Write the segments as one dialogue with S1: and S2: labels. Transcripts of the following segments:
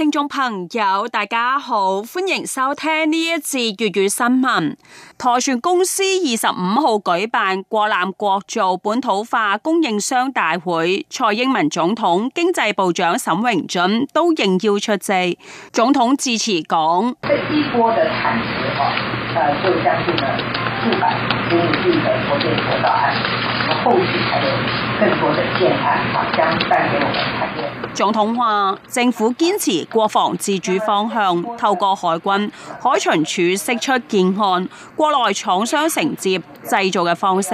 S1: 聽眾朋友，大家好，歡迎收聽呢一節粵語新聞。台船公司二十五號舉辦國艦國造本土化供應商大會，蔡英文總統、經濟部長沈榮津都應邀出席。總統致辭講，總統話：政府堅持國防自主方向，透過海軍海巡署釋出建案，國內廠商承接製造嘅方式。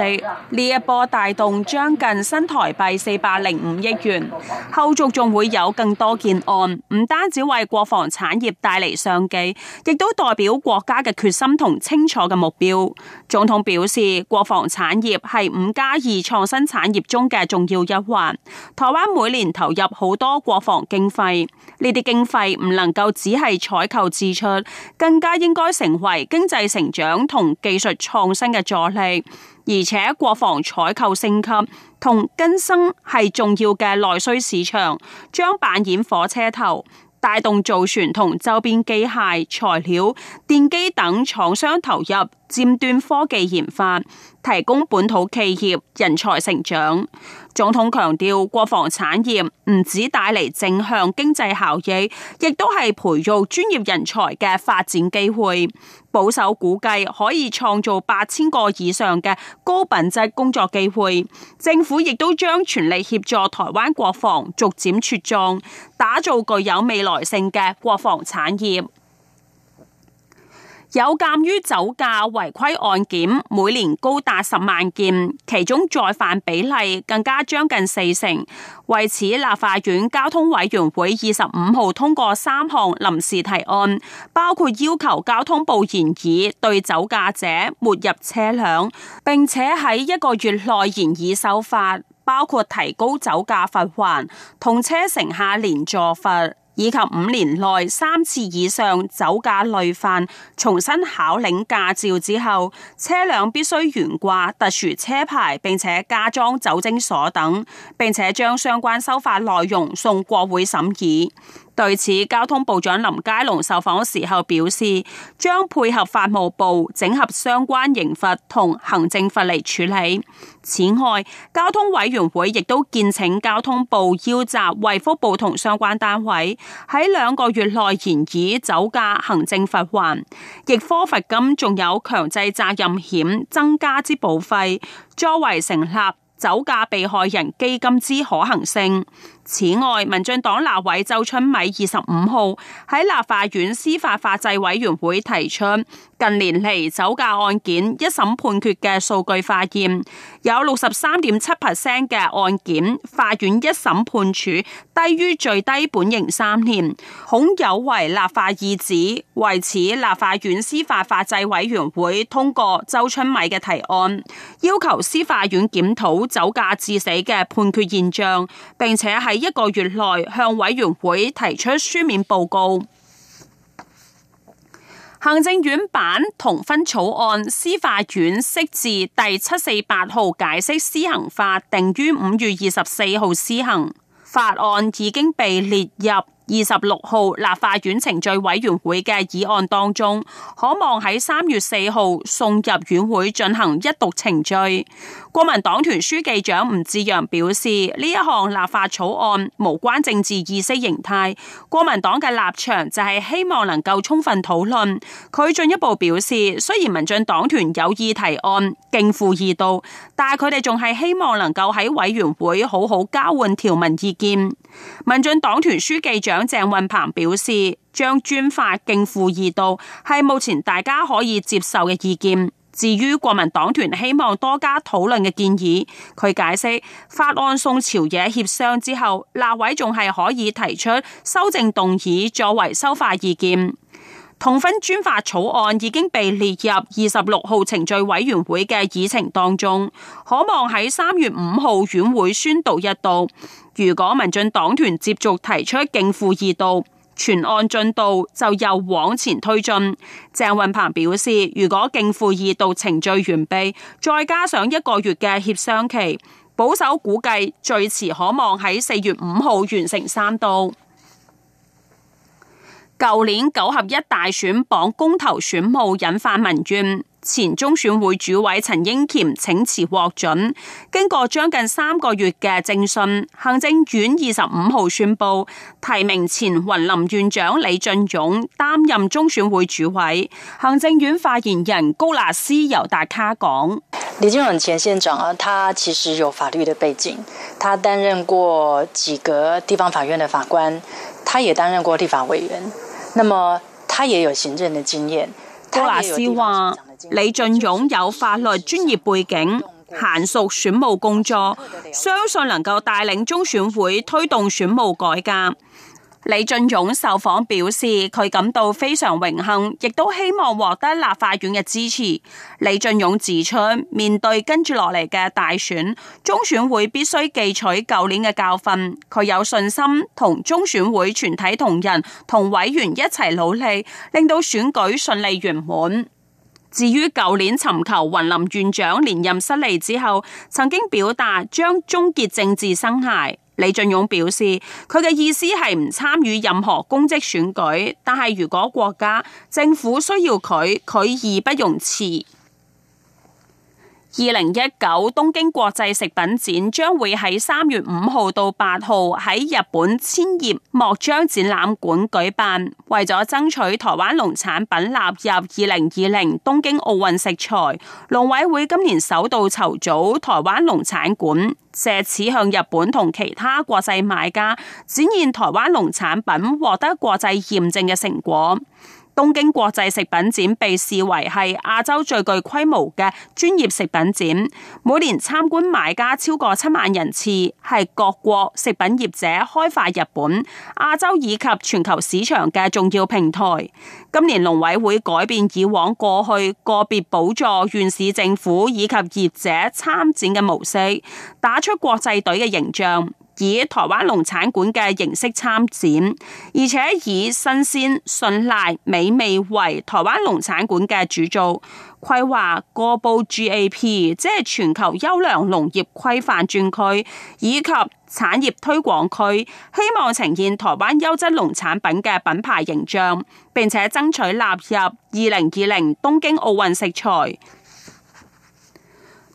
S1: 呢一波帶動將近新台幣四百零五億元，後續仲會有更多建案，唔單止為國防產業帶嚟商機，亦都代表國家嘅決心同清楚嘅目標。總統表示：國防產業係五加二，而創新產業中嘅重要一環，台灣每年投入好多國防經費，呢啲經費唔能夠只係採購支出，更加應該成為經濟成長同技術創新嘅助力。而且國防採購升級同更新係重要嘅內需市場，將扮演火車頭，帶動造船同周邊機械、材料、電機等廠商投入。尖端科技研發，提供本土企業人才成長。總統強調，國防產業唔止帶嚟正向經濟效益，亦都係培育專業人才嘅發展機會。保守估計可以創造八千個以上嘅高品質工作機會。政府亦都將全力協助台灣國防逐漸茁壯，打造具有未來性嘅國防產業。有鑒於酒駕違規案件每年高達十萬件，其中再犯比例更加將近四成，為此立法院交通委員會二十五號通過三項臨時提案，包括要求交通部研議對酒駕者沒入車輛，並且喺一個月內研議修法，包括提高酒駕罰鍰、同車乘客連坐罰。以及五年內三次以上酒駕累犯，重新考領駕照之後，車輛必須懸掛特殊車牌，並且加裝酒精鎖等，並且將相關修法內容送國會審議。對此，交通部長林佳龍受訪時候表示，將配合法務部整合相關刑罰同行政罰嚟處理。此外，交通委員會亦都建請交通部邀集衛福部同相關單位，喺兩個月內，延以酒駕行政罰還，亦科罰金，仲有強制責任險增加之保費，作為成立酒駕被害人基金之可行性。此外，民進黨立委周春米二十五號喺立法院司法法制委員會提出，近年嚟酒駕案件一審判決嘅數據發現有六十三點七 percent 嘅案件，法院一審判處低於最低本刑三年，恐有違立法意旨。為此，立法院司法法制委員會通過周春米嘅提案，要求司法院檢討酒駕致死嘅判決現象，並且係一個月內向委員會提出書面報告。行政院版同婚草案，司法院釋字第七四八號解釋施行法，定於五月二十四號施行。法案已經被列入，二十六號立法院程序委員會嘅議案當中，可望喺三月四號送入院會進行一讀程序。國民黨團書記長吳志揚表示，呢一項立法草案無關政治意識形態，國民黨嘅立場就係希望能夠充分討論。佢進一步表示，雖然民進黨團有意提案，逕付二讀，但係佢哋仲係希望能夠喺委員會好好交換條文意見。民進黨團書記長鄭運鵬表示，將專法逕付二讀係目前大家可以接受嘅意見。至於國民黨團希望多加討論嘅建議，佢解釋法案送朝野協商之後，立委仲係可以提出修正動議作為修法意見。同婚專法草案已經被列入二十六號程序委員會嘅議程當中，可望喺三月五號院會宣讀一讀。如果民進黨團接續提出逕付二讀，全案進度就又往前推進。鄭運鵬表示，如果逕付二讀程序完備，再加上一個月嘅協商期，保守估計最遲可望喺四月五號完成三讀。舊年九合一大選綁公投選務引發民怨。前中選會主委陳英謙請辭獲准，經過將近三個月嘅徵信，行政院二十五號宣佈提名前雲林縣長李進勇擔任中選會主委。行政院發言人高納斯尤達卡講，李進勇前縣長啊，他其實有法律的背景，他擔任過幾個地方法院的法官，他也擔任過立法委員，那麼他也有行政的經驗。高納斯話。李進勇有法律專業背景，嫻熟選務工作，相信能夠帶領中選會推動選務改革。李進勇受訪表示，佢感到非常榮幸，亦都希望獲得立法院嘅支持。李進勇指出，面對跟住落嚟嘅大選，中選會必須記取舊年嘅教訓。佢有信心同中選會全體同仁同委員一齊努力，令到選舉順利圓滿。至於舊年尋求雲林縣長連任失利之後，曾經表達將終結政治生涯。李進勇表示，佢嘅意思係唔參與任何公職選舉，但係如果國家政府需要佢，佢義不容辭。二零一九東京國際食品展將會喺三月五號到八號喺日本千葉幕張展覽館舉辦。為咗爭取台灣農產品納入二零二零東京奧運食材，農委會今年首度籌組台灣農產館，借此向日本同其他國際買家展現台灣農產品獲得國際驗證嘅成果。東京國際食品展被視為係亞洲最具規模嘅專業食品展，每年參觀買家超過七萬人次，係各國食品業者開發日本、亞洲以及全球市場嘅重要平台。今年農委會改變以往過去個別補助縣市政府以及業者參展嘅模式，打出國際隊嘅形象，以台灣農產館嘅形式參展，而且以新鮮、信賴、美味為台灣農產館嘅主做規劃，過布 GAP，即係全球優良農業規範專區，以及產業推廣區，希望呈現台灣優質農產品嘅品牌形象，並且爭取納入二零二零東京奧運食材。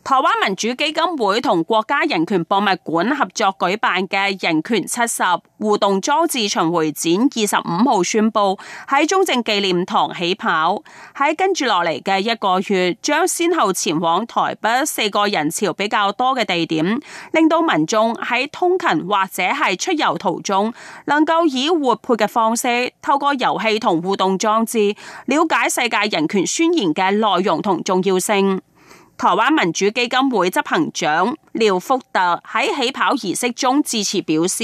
S1: 台灣民主基金會同國家人權博物館合作舉辦嘅人權七十互動裝置巡迴展，二十五號宣布喺中正紀念堂起跑，喺跟住落嚟嘅一個月，將先後前往台北四個人潮比較多嘅地點，令到民眾喺通勤或者係出遊途中，能夠以活潑嘅方式，透過遊戲同互動裝置，了解世界人權宣言嘅內容同重要性。台灣民主基金會執行長，廖福特喺起跑儀式中致辭表示，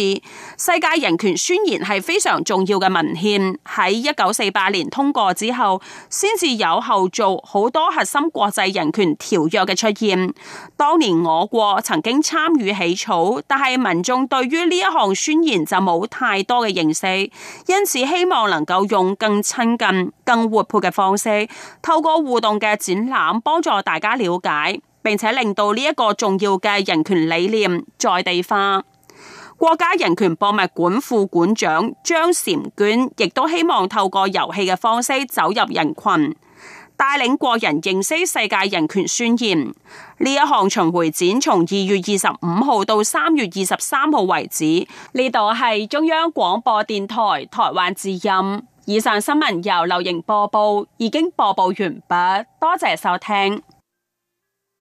S1: 世界人權宣言係非常重要嘅文獻。喺一九四八年通過之後，先至有後續好多核心國際人權條約嘅出現。當年我國曾經參與起草，但係民眾對於呢一項宣言就冇太多嘅認識，因此希望能夠用更親近、更活潑嘅方式，透過互動嘅展覽，幫助大家了解。並且令到呢一個重要嘅人權理念在地化。國家人權博物館副館長張嬋娟亦都希望透過遊戲嘅方式走入人群，帶領國人認識世界人權宣言。呢一項巡迴展從二月二十五號到三月二十三號為止。呢度係中央廣播電台台灣之音。以上新聞由劉瑩播報，已經播報完畢，多謝收聽。